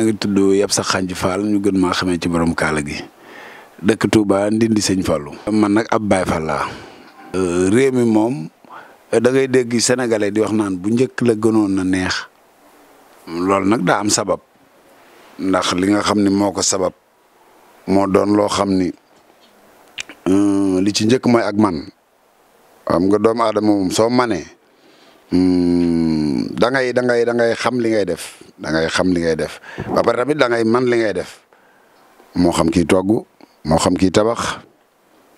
maa ngi tudd yab sa xànj ñu gën maa xamee ci borom kaala gi dëkk Touba ndindi sëñ man nag ab Baye Fall laa. Euh, réew mi moom da ngay dégg sénégalais di wax naan bu njëkk la gënoon na neex loolu nag daa am sabab ndax li nga xam ni moo ko sabab moo doon loo xam ni euh, li ci njëkk moy ak man xam nga doomu aadama moom soo manee hmm, da ngay xam li ngay def. da ngay xam li ngay def ba pare tamit da ngay man li ngay def moo xam ki togg moo xam ki tabax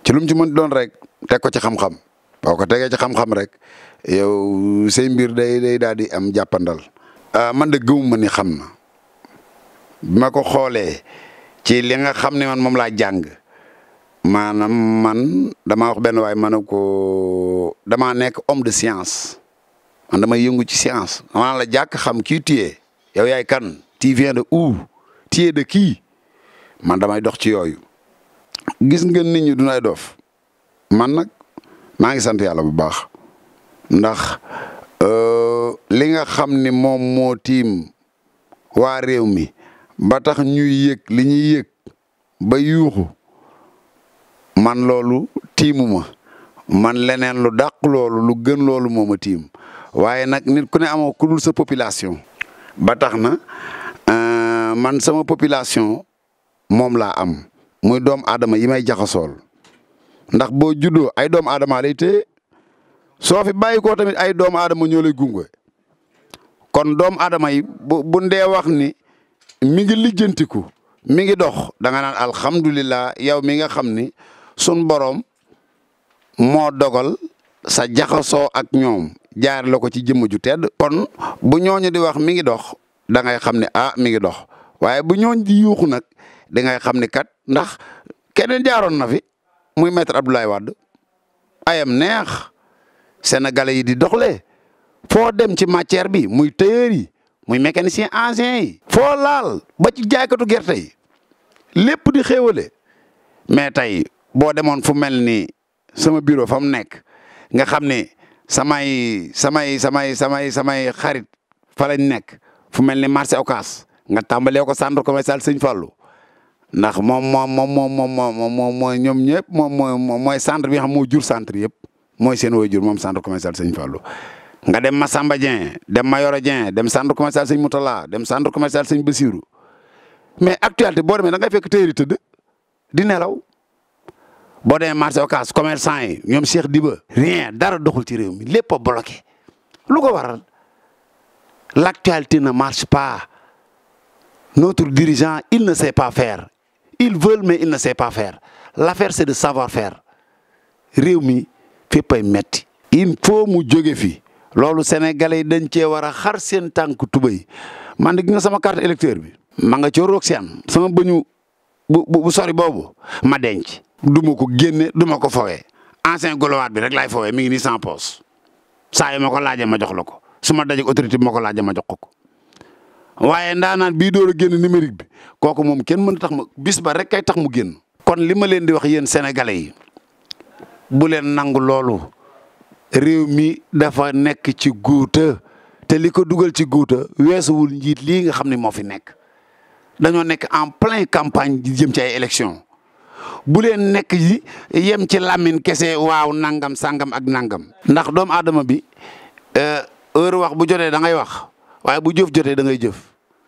ci lum ci mën doon rek teg ko ci xam-xam boo ko tegee ci xam-xam rek yow se mbir day day daal di am jàppandal. Ah, man de gëmuma ni xam na bi ma ko xoolee ci li nga xam ne man moom laa jàng maanaam man damaa wax benn waay ma ne ko damaa nekk homme de science man damay yëngu ci science maanaam la jàkk xam kii tuyee yow yaay kan tu viens de où tu de qui man damay dox ci yooyu gis nga nit ñi dunay dof man nag maa ngi sant yàlla bu baax ndax euh, li nga xam ni moom moo tiim waa réew mi ba tax ñuy yëg li ñuy yëg ba yuuxu man loolu tiimuma man leneen lu dàq loolu lu gën loolu moo ma tiim waaye nag nit ku ne amoo ku dul sa population ba tax na euh, man sama population moom laa am muy doom aadama yi may jaxasool ndax boo juddo ay doom aadama lay te soo fi bàyyi tamit ay doom aadama ñoo gunge kon doom aadama yi bu bu ndee wax ni mi ngi lijjantiku mi ngi dox danga nga naan alhamdulilah yow mi nga xam ni sun boroom moo dogal sa jaxasoo ak ñoom jaar la ko ci jëmm ju tedd kon bu ñooñu di wax mi ngi dox da ngay xam ne ah mi ngi dox waaye bu ñooñ di yuuxu nag da ngay xam ni kat ndax keneen jaaroon na fi muy maître Abdoulaye Wade ayam neex sénégalais yi di doxle foo dem ci matière bi muy tailleur yi muy mécanicien ancien yi. foo laal ba ci jaaykatu gerte yi lépp di xéewale mais tey boo demoon fu mel ni sama bureau fa mu nekk nga xam ne samay samay samay samay samay xarit fa lañ nekk fu mel ni marché Ocass nga tàmbalee ko centre commercial Sëñ Fallu ndax moom moom moom moom moom moom mooy ñoom ñëpp moom mooy mooy centre bi nga xam moo jur centre yëpp mooy seen way jur moom centre commercial Sëñ Fallu nga dem Massamba Dieng dem Mayoro Dieng dem centre commercial Sëñ Moutala dem centre commercial Sëñ Bassirou mais actualité boo demee da ngay fekk téeri tëdd di nelaw boo demee marché Ocass commerçant yi ñoom Cheikh Diba rien dara doxul ci réew mi lépp a bloqué lu ko waral l' na ne marche pas notre dirigeant il ne sait pas faire ils veulent mais il ne sait pas faire l' affaire de savoir faire réew mi fépp ay metti il faut mu jóge fi loolu sénégalais yi dañ cee war a xar seen tànk tubay man de gi nga sama carte électeur bi. ma nga ci roog seen sama bëñu bu bu sori boobu ma denc. du ma ko génne du ma ko fowee ancien golowaat bi rek lay fowee mi ngi nii sans poche saa yi ma ko laajee ma jox la ko su ma dajee autorité bi ma ko laajee ma jox ko ko waaye ndaanaan bii door a génn numérique bi kooku moom kenn mën tax ma bis ba rek kay tax mu génn. kon li ma leen di wax yéen sénégalais yi bu leen nangu loolu réew mi dafa nekk ci guuta te li ko dugal ci guuta weesuwul njiit lii nga xam ne moo fi nekk dañoo nekk en plein campagne di jëm ci ay élection bu leen nekk yi yem ci làmmiñ kese waaw nangam sangam ak nangam. ndax doomu aadama bi euh, heure wax bu jotee da ngay wax waaye bu jëf jotee da ngay jëf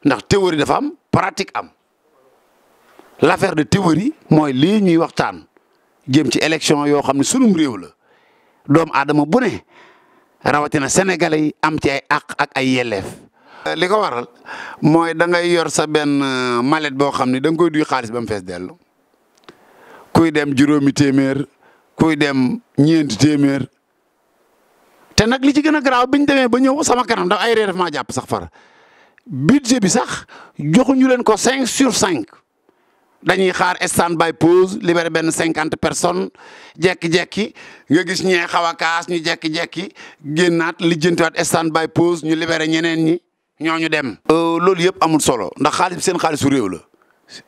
ndax théorie dafa am pratique am l'affaire de théorie mooy lii ñuy waxtaan jëm ci élection yoo xam ne sunum réew la doom aadama bu ne rawatina sénégalais yi am ci ay àq ak ay yelleef. li ko waral mooy da ngay yor sa benn euh, mallette boo xam ne da nga koy duy xaalis ba mu fees dellu. kuy dem juróomi téeméer kuy dem ñeent téeméer te nag li ci gën a garaaw bi ñu demee ba ñëw sama kanam ndax ay réer daf maa jàpp sax fara budget bi sax joxuñu leen ko cinq sur cinq dañuy xaar stand by libere benn cinquante personnes jekki-jekki nga gis ñee xaw a kaas ñu jekki-jekki génnaat lijjantiwaat stand by pause ñu libéré ñeneen ñi ñooñu dem. Euh, loolu yëpp amul solo ndax xaalis seen xaalisu réew la.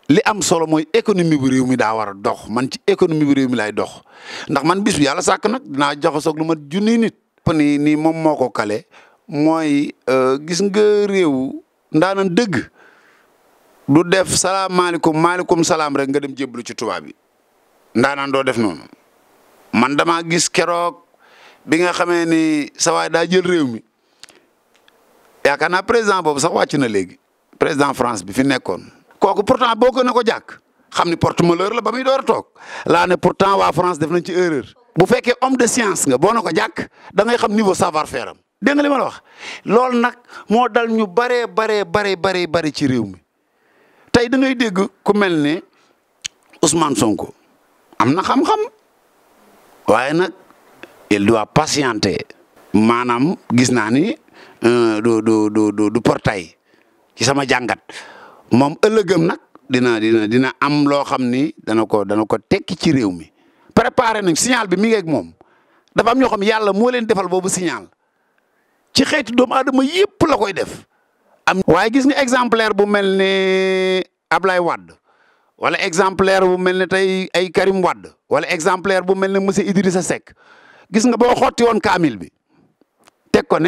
li am solo mooy économie bu réew mi daa war a dox man ci économie bu réew mi lay dox ndax man bis bi yàlla sàkk nag dinaa jaxasoog lu mat junni nit. ni nii moom moo ko kale mooy euh, gis nga réew ndaanan dëgg du def salaamaaleykum maaleykum salaam rek nga dem jébbalu ci tubaab yi ndaanaan doo def noonu man dama gis keroog bi nga xamee ni sa waay daa jël réew mi yaakaar naa président boobu sax wàcc na léegi président France bi fi nekkoon. kooku pourtant boo ko ne ko jàkk xam ni porte malheur la ba muy door a toog laa ne pourtant waa France def nañ ci erreur. bu fekkee homme de science nga boo na ko jàkk da xam niveau savoir faire am dégg nga ma la wax loolu nag moo dal ñu baree baree baree baree bare ci réew mi tey dangay ngay dégg ku mel ne Ousmane Sonko am na xam-xam waaye nag il doit patienter. maanaam gis naa ni euh, du du du du portail ci sama jàngat. moom ëllëgëm nag dina dina dina am loo xam ni dana ko dana ko tekki ci réew mi préparé nañ signal bi mi ngi moom dafa am ñoo xam yàlla moo leen defal boobu signal ci xeetu doomu aadama yëpp la koy def. am waaye gis nga exemplaire bu mel ne Ablaye Wade wala exemplaire bu mel ni tey ay Karim Wade wala exemplaire bu mel ne monsieur Idrissa Seck gis nga boo xotti woon kaamil bi teg ko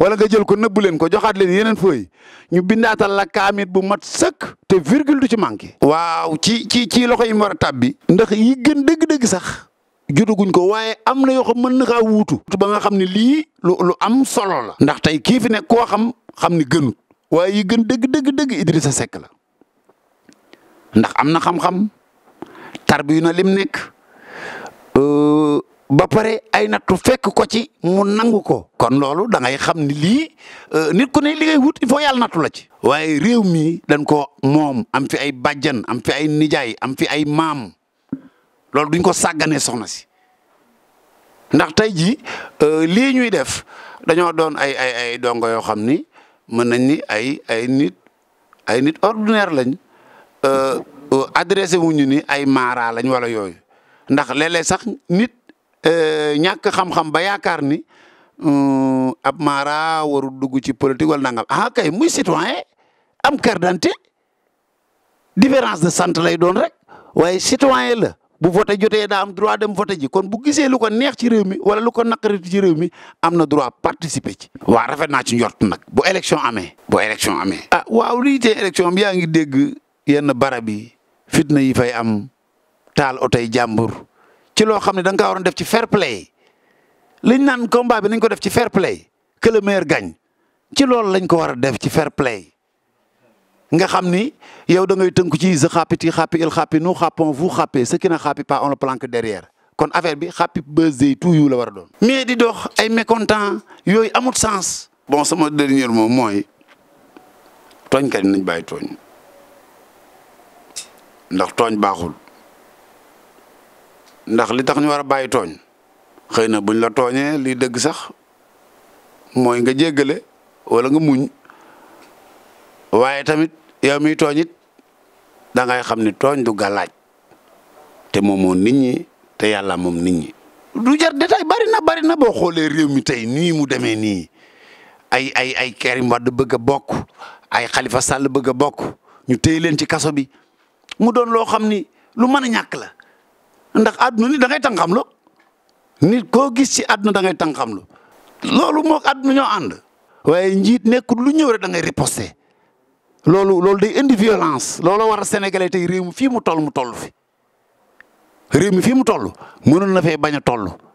wala nga jël ko nëbbu leen ko joxaat leen yeneen feuille ñu bindaatal la kaamit bu mat sëkk te virgule du ci manqué. waaw ci ci ci loxo yi mu war a tàbbi. ndax yi gën dëgg-dëgg sax. judaguñ ko waaye am na yoo xam mën na kaa wuutu. ba nga xam ne lii lu am solo la. ndax tey kii fi nekk koo xam xam ni gënut. waaye yi gën dëgg dëgg dëgg Idrissa Seck la ndax am na xam-xam tarbiyu na lim nekk euh, ba pare ay nattu fekk ko ci mu nangu ko kon loolu dangay xam ni lii euh, nit ku ne li ngay wut il nattu la ci. waaye réew mi dañ ko moom am fi ay bàjjan am fi ay nijaay am fi ay maam loolu duñ ko sàgganee soxna si ndax tey jii euh, lii ñuy def dañoo doon ay ay dongo yoo xam ni mën nañ ni ay ay nit ay nit ordinaire lañ euh, adressé wuñu ni ay maara lañ wala yooyu ndax léeg sax nit. Euh, ñàkk xam-xam ba yaakaar ni euh, ab maara warul dugg ci politique wala nangam ah kay muy citoyen am carte d'identité différence de sant lay doon rek waaye citoyen la bu voté jotee daa am droit dem voté ji kon bu gisee lu ko neex ci réew mi wala lu ko naqari ci réew mi am na droit participer ci. waaw rafet ci njort nag bu élection amee. bo élection amee. ah waaw lii tey élection bi yaa ngi dégg yenn barab yi fitna yi fay am taal otoy jàmbur. ci loo xam ne da nga kaa waroon def ci fair play liñ naan combat bi nañ ko def ci fair play que le ci loolu lañ ko war a def ci fair play nga xam ni yow da ngay tënku ci je xaapi ti xaapi il xaapi nous xaapons vous xaapez ce qui ne xaapi pas on le planque derrière kon affaire bi xaapi buzz tout yu la war a doon. mais di dox ay mécontent yooyu amut sens. bon sama dernier moom mooy tooñkat yi nañ bàyyi tooñ ndax tooñ baaxul. ndax li tax ñu war a bàyyi tooñ xëy na buñ la tooñee liy dëgg sax mooy nga jéggale wala nga muñ waaye tamit yow miy tooñ xam ni tooñ du gàllaaj te moomoo nit ñi te yàlla moom nit lu du jar détail bari na boo xoolee réew mi tey nii mu demee nii ay ay ay Karim Wade bëgg a bokk ay xalifa Sall bëgg a bokk ñu téye leen ci kaso bi mu doon loo xam ni lu mën a ñàkk la. ndax àdduna nit da ngay tànqam lu nit koo gis si àdduna da ngay tànqam lu loolu moo àdduna ñoo ànd waaye njiit nekkul lu ñëw rek da ngay riposter loolu loolu day indi loolo looloo war a tey réew mi fii mu toll mu tollu fi réew mi fi mu toll mënoon na fee bañ a toll.